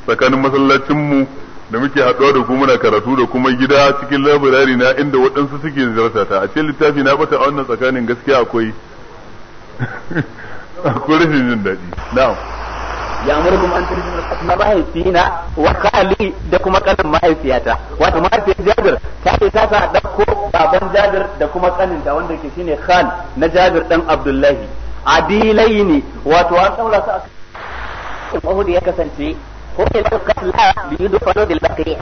tsakanin masallacin mu da muke haɗuwa da ku muna karatu da kuma gida cikin labirari na inda waɗansu suke zarta ta a ce littafi na bata a wannan tsakanin gaskiya akwai akwai rashin jin daɗi na'am kuma an na asma mahaifina wa khali da kuma kanin mahaifiyata wato mahaifiyar Jabir ta ce ta sa ɗauko baban Jabir da kuma kanin da wanda ke shine Khan na Jabir dan Abdullahi ne wato an daura su a kan ya kasance Ko da suka la bi dufanu bil baqiya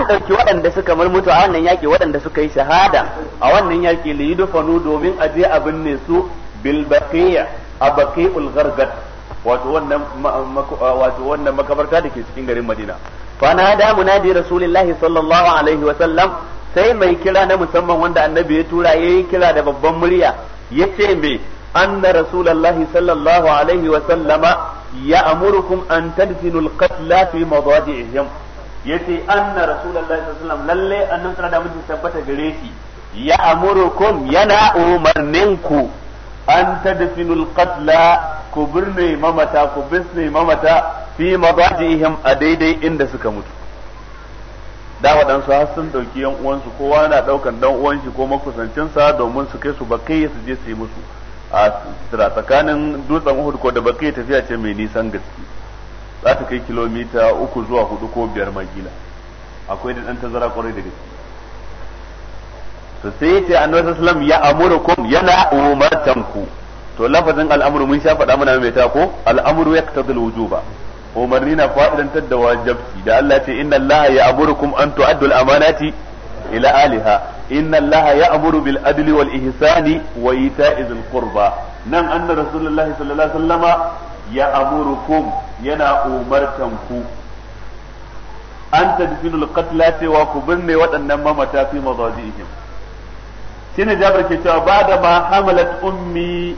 an dauki waɗanda suka murmutu a wannan yaki waɗanda suka yi shahada a wannan yaki li dufanu domin a je a binne su bil baqiya a baqiul gharqad wato wannan wato wannan makabarta dake cikin garin Madina fa na da munadi rasulullahi sallallahu alaihi wa sallam sai mai kira na musamman wanda annabi ya tura yayi kira da babban murya yace me anna rasulullahi sallallahu alaihi wa sallama ya'murukum an tadfinu al-qatla fi mawadi'ihim yace anna rasulullahi sallallahu alaihi wasallam lalle annabi sallallahu alaihi tabbata gare shi ya'murukum yana umarninku an tadfinu al-qatla ku birne mamata ku bisne mamata fi mawadi'ihim a daidai inda suka mutu da waɗansu har sun ɗauki yan uwansu kowa na ɗaukan dan uwan shi ko makusancinsa domin su kai su bakai su je su yi musu a sira tsakanin dutsen Uhud ko da Baqiya tafiya ce mai nisan gaske za ta kai kilomita uku zuwa hudu ko biyar magila akwai da dan tazara kwarai da gaske to sai ce annabi sallam ya kum yana umartan to lafazin al'amuru mun sha faɗa mana mai ta ko al'amuru yaqtadul wujuba umarni na fa'idantar da wajibci da Allah ce inna Allah ya kum an tu'addul amanati ila aliha inna allaha ya'muru bil adli wal ihsani wa ita'i dhil qurba nan anna rasulullahi sallallahu alaihi wasallama ya'murukum yana umartan ku an tadfinu al-qatla cewa ku binne waɗannan mamata fi mazajihim shine Jabir ke cewa ba da ma ummi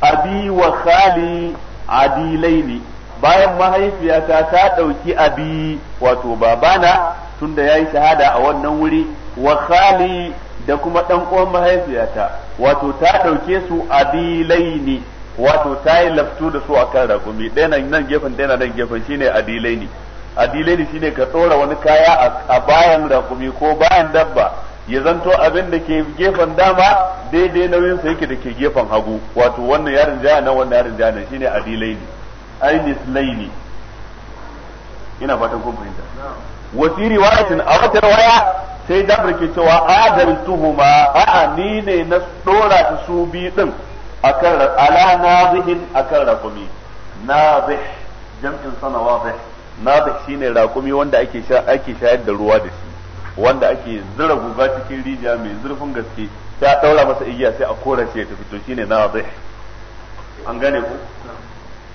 abi wa khali adilaini bayan mahaifiyata ta ɗauki abi wato babana tunda ya yi shahada a wannan wuri wa khali da kuma dan uwan mahaifiyata wato ta dauke su adilaini wato ta yi laftu da su akan rakumi ɗaya nan gefen ɗaya nan gefen shine adilaini adilaini shine ka tsora wani kaya a bayan rakumi ko bayan dabba ya zanto abin da ke gefen dama daidai nauyin sa yake da ke gefen hagu wato wannan yarin jaya nan wannan yarin jaya nan shine adilaini ai mislaini ina fatan kun fahimta wa fi riwayatin a wata waya sai Jabir ke cewa adaltuhuma a'a ni ne na dora ta su bi din akan ala nazihin akan rakumi nazih jam'in sana wadih nazih shine rakumi wanda ake sha ake shayar da ruwa da shi wanda ake zura guga cikin rijiya mai zurfin gaske ta daura masa igiya sai a kora shi ya tafi to shine nazih an gane ku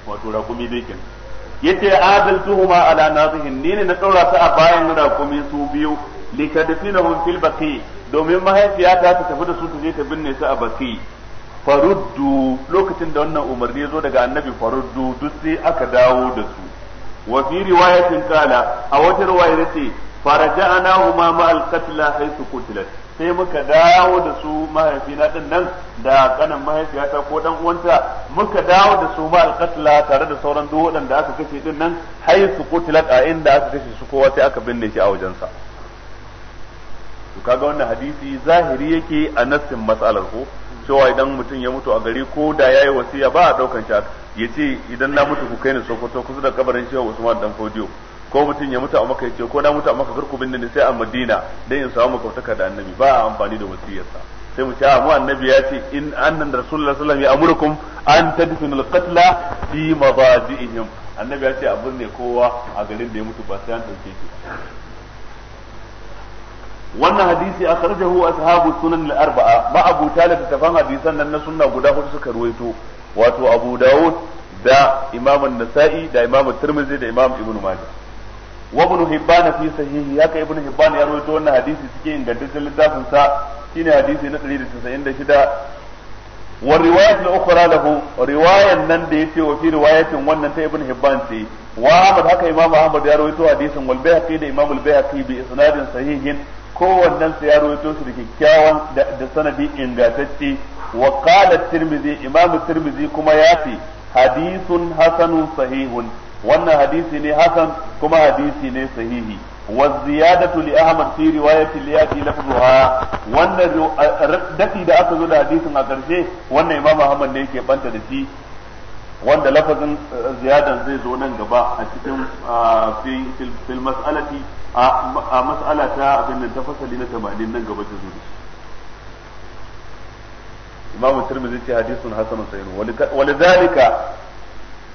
wato rakumi dai kenan yace adaltuhuma ala nazihin ni ne na tsora su a bayan rakumi su biyu kadfinahum fil baqi domin mahaifiyata ta tafi da su ta je ta binne su a baqi faruddu lokacin da wannan umarni ya zo daga annabi faruddu duk sai aka dawo da su wa fi riwayatin qala a wata riwaya yace faraja'nahuma ma al-qatla haythu qutilat sai muka dawo da su mahaifina din nan da kanan mahaifiyata ko dan uwanta muka dawo da su ma'al qatla tare da sauran duk waɗanda aka kashe din nan ko qutilat a inda aka kashe su kowa sai aka binne shi a wajensa to kaga wannan hadisi zahiri yake a nassin mas'alar ko cewa idan mutum ya mutu a gari ko da yayi wasiya ba a daukan shi ya ce idan na mutu ku kai ni Sokoto kusa da kabarin Shehu Usman dan Fodiyo ko mutum ya mutu a maka ya ce ko na mutu a maka karku binne ne sai a madina dan in samu kautaka da annabi ba a amfani da wasiyarsa sai mu ce a mu annabi ya ce in annan rasulullahi sallallahu alaihi amurukum an tadfinu al-qatla fi mabadi'ihim annabi ya ce a binne kowa a garin da ya mutu ba sai an dauke shi wannan hadisi a sarjahu ashabu sunan al-arba'a ma abu talib tafan hadisan nan na sunna guda hudu suka ruwaito wato abu dawud da imam an-nasa'i da imam at-tirmidhi da imam ibnu majah wa ibn hibban fi sahihi ya haka ibn hibban ya rawaito wannan hadisi cikin ingantaccen littafin sa shine hadisi na 196 wa riwayat al-ukhra lahu riwayan nan da yace wa fi riwayatin wannan ta ibn hibban ce wa Ahmad haka Imam Ahmad ya rawaito hadisin wal Baihaqi da Imam al-Baihaqi bi isnadin sahihin kowannen sa ya rawaito shi da kyakkyawan da sanadi ingantacce wa qala Tirmidhi Imam Tirmidhi kuma ya ce hadisun hasanun sahihun wannan hadisi ne hasan kuma hadisi ne sahihi wa ziyadatu li ahmad fi riwayati liyati lafzuha wannan daki da aka zo da hadisin a karshe wannan imam ahmad ne yake banta da shi wanda lafazin ziyadan zai zo nan gaba a cikin fil a mas'ala ta abin fasali na 80 nan gaba ta zo shi imam tirmidhi ce hadisun hasan sayyid walidhalika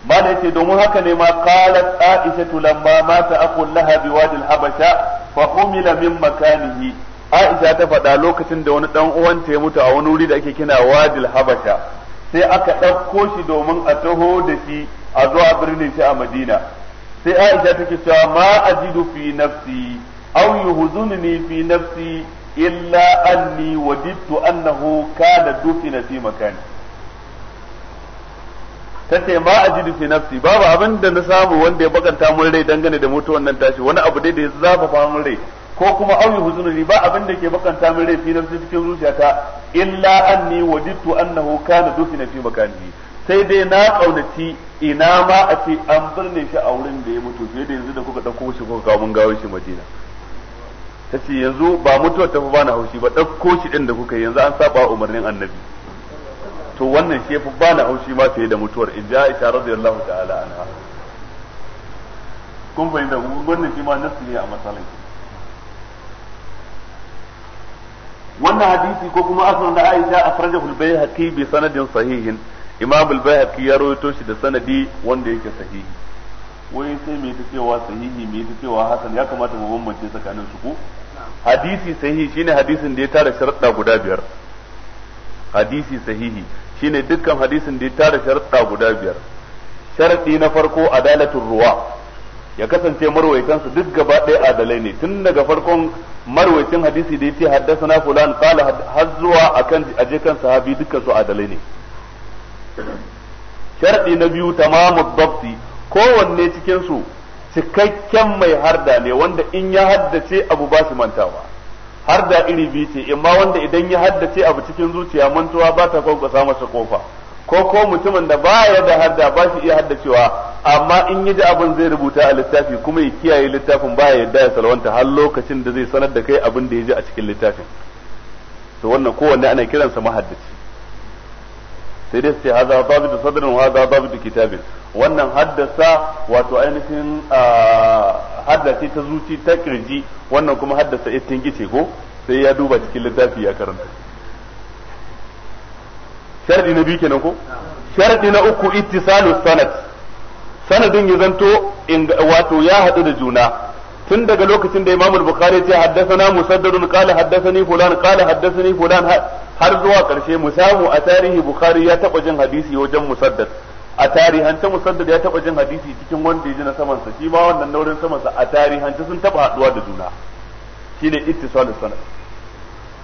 ba da domin haka ne ma qalat aisha lamma mata akul laha biwadil habasha fa umila min makanihi aisha ta faɗa lokacin da wani dan uwanta ya mutu a wani wuri da ake kina wadil habasha sai aka ɗauko shi domin a taho da shi a zo a birnin shi a madina sai aisha take cewa ma ajidu fi nafsi aw yuhzunni fi nafsi illa anni wadidtu annahu kana dufina fi makani ta ce ma a fi nafsi babu abin da na samu wanda ya bakanta mun rai dangane da mutuwan nan tashi wani abu dai da ya fa mun rai ko kuma auyi huzunuri ba abin da ke bakanta mun rai fi nafsi cikin zuciyata illa anni wajidtu annahu kana dufina fi makani sai dai na kaunaci ina ma a ce an birne shi a wurin da ya mutu fiye da yanzu da kuka dauko shi kuka kawo mun gawo shi Madina ce yanzu ba mutuwar ta fi bana haushi ba dauko shi din da kuka yanzu an saba umarnin annabi to wannan shi fi bani haushi ma fiye da mutuwar in ja isha radiyallahu ta'ala anha kun da wannan shi ma nasu ne a matsalin wannan hadisi ko kuma asirin da Aisha akhrajahu al-Baihaqi bi sanadin sahihin Imam al-Baihaqi ya rawaito shi da sanadi wanda yake sahihi wai sai me ta cewa sahihi me ta cewa hasan ya kamata mu bambance tsakanin su ko hadisi sahihi shine hadisin da ya tara sharaɗa guda biyar hadisi sahihi shine dukkan hadisin da ya tara sharuɗa guda biyar sharaɗi na farko adalatul ruwa ya kasance marwaitan duk gaba ɗaya adalai ne tun daga farkon marwaicin hadisi da ya yace haddasa fulan qala har zuwa akan aje kan sahabi dukkan su adalai ne sharaɗi na biyu tamamu dabti kowanne cikin su cikakken mai harda ne wanda in ya haddace abu ba shi mantawa har da iri biyu ce imma wanda idan ya haddace abu cikin zuciya mantuwa ba ta kwankwasa masa kofa ko ko mutumin da ba ya da hadda ba shi iya haddacewa amma in yi ji abin zai rubuta a littafi kuma ya kiyaye littafin ba ya yadda ya salwanta har lokacin da zai sanar da kai abin da ya ji a cikin littafin to wannan kowanne ana kiransa mahaddaci sai dai sai haza babu da sadrin haza babu da kitabin wannan haddasa wato ainihin ah, hadda ce ta zuci ta kirji wannan kuma haddasa ittin gice ko sai ya duba cikin littafi ya karanta sharadi na biyu kenan ko sharadi na uku ittisalu sanad sanadin ya zanto wato ya hadu da juna tun daga lokacin da Imam Bukhari ce haddathana musaddadun qala haddathani fulan qala haddathani fulan har zuwa karshe mu samu a tarihi Bukhari ya taba jin hadisi wajen musaddad a tarihance musaddad ya taba jin hadisi cikin wanda ya ji na saman sa shi ma wannan naurin saman sa a tarihance sun taba haduwa da juna shine ittisal sanad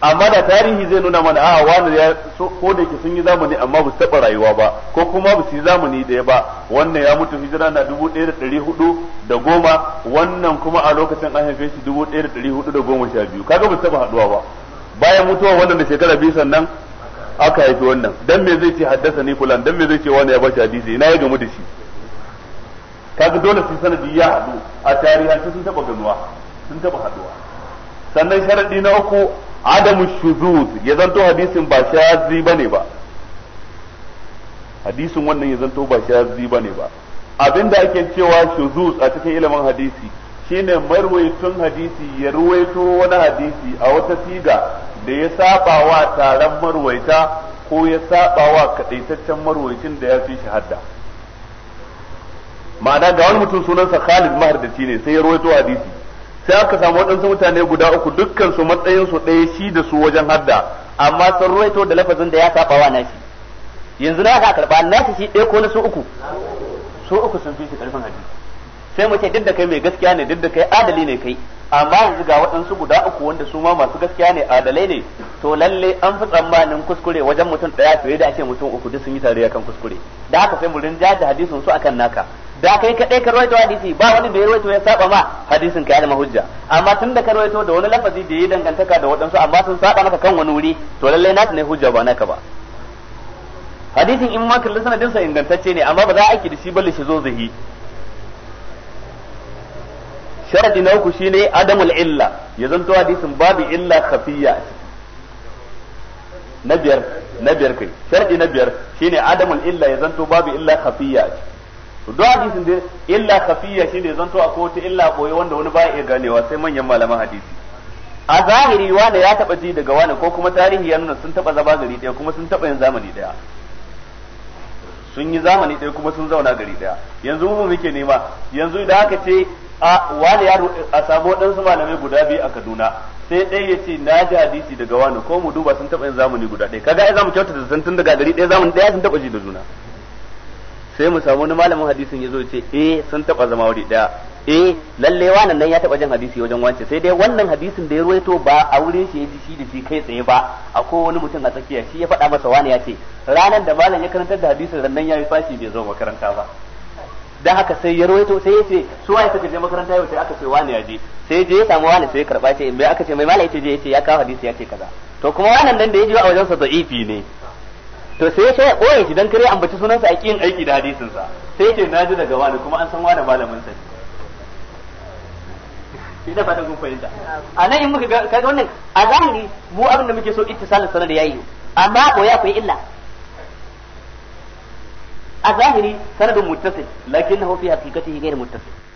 amma da tarihi zai nuna mana a'a wani ya ko da yake sun yi zamani amma ba su taba rayuwa ba ko kuma ba su yi zamani da ya ba wannan ya mutu hijira na dubu ɗaya da ɗari hudu da goma wannan kuma a lokacin an haife shi dubu ɗaya da ɗari hudu da goma sha biyu kaga ba su taba haduwa ba bayan mutuwa wannan da shekara biyu sannan aka haifi wannan dan me zai ce haddasa ni fulan dan me zai ce wani ya bashi hadisi ina ya gamu da shi kaga dole sun sanadi ya haɗu. a tarihanci sun taba ganuwa sun taba haduwa sannan sharadi na uku adamu shuzuz ya zanto hadisin ba shazi bane ba hadisin wannan ya zanto ba shazi bane ba abinda ake cewa shuzuz a cikin ilimin hadisi shine marwaitun hadisi ya ruwaito wani hadisi a wata siga da ya saba wa taron marwaita ko ya saba wa kadaitaccen marwaitin da ya fi shi hadda ma'ana ga wani mutum sunansa Khalid mahardaci ne sai ya ruwaito hadisi sai aka samu waɗansu mutane guda uku dukkan su matsayin su ɗaya shi da su wajen hadda amma sun ruwaito da lafazin da ya saba wa nashi yanzu na ka karba nashi shi ɗaya ko na su uku su uku sun fi shi karfin hadisi sai mu duk da kai mai gaskiya ne duk da kai adali ne kai amma yanzu ga waɗansu guda uku wanda su ma masu gaskiya ne adalai ne to lalle an fi tsammanin kuskure wajen mutum ɗaya fiye da ake mutum uku duk sun yi tarayya kan kuskure da haka sai mu rinja da hadisin su akan naka da kai kaɗai ka rawaito hadisi ba wani da ya rawaito ya saba ma hadisin ka ya zama hujja amma tun da ka rawaito da wani lafazi da ya dangantaka da waɗansu amma sun saba maka kan wani wuri to lalle na ne hujja ba naka ba hadisin in ma kalli sanadinsa ingantacce ne amma ba za a aiki da shi balle shi zo zahi sharadi na uku shine adamul illa ya zanto hadisin babu illa khafiyya na biyar na biyar kai sharadi na biyar shine adamul illa ya zanto babu illa khafiyya duk hadisin da illa khafiyya shine ya zanto akwai wata illa boye wanda wani baya iya ganewa sai manyan malaman hadisi a zahiri wanda ya taba ji daga wani ko kuma tarihi ya nuna sun taba zama gari daya kuma sun taba yin zamani daya sun yi zamani daya kuma sun zauna gari daya. yanzu mu muke nema yanzu idan aka ce a wani yaro a samu waɗansu malamai guda biyu a Kaduna sai ɗaya ya ce na ji hadisi daga wani ko mu duba sun taɓa yin zamani guda ɗaya kaga ai zamu kyauta da tun daga gari ɗaya zamani ɗaya sun taɓa ji da juna sai mu samu wani malamin hadisin ya zo ya ce eh sun taɓa zama wuri ɗaya eh lalle wannan nan ya taɓa jin hadisi wajen wance sai dai wannan hadisin da ya ruwaito ba a wurin shi ya ji shi da shi kai tsaye ba ko wani mutum a tsakiya shi ya faɗa masa wani ya ce ranar da malam ya karantar da hadisin nan ya yi fashi bai zo makaranta ba dan haka sai ya rawaito sai ya ce su waye suka je makaranta yau sai aka ce wani ya je sai je ya samu wani sai ya karba ce bai aka ce mai malai ce je ya ce ya kawo hadisi ya ce kaza to kuma wannan dan da ya ji a wajen sa da'ifi ne to sai sai ya koye shi dan kare ambaci sunansa a kin aiki da hadisin sa sai ya ce na ji daga wani kuma an san wani malamin sa ina fatan kun fahimta a nan in muka ga kaga wannan a zahiri mu abin da muke so ittisalin da yayi amma ya akwai illa a zahiri sanadun muttasil lakinnahu fi haqiqatihi ghayr muttasil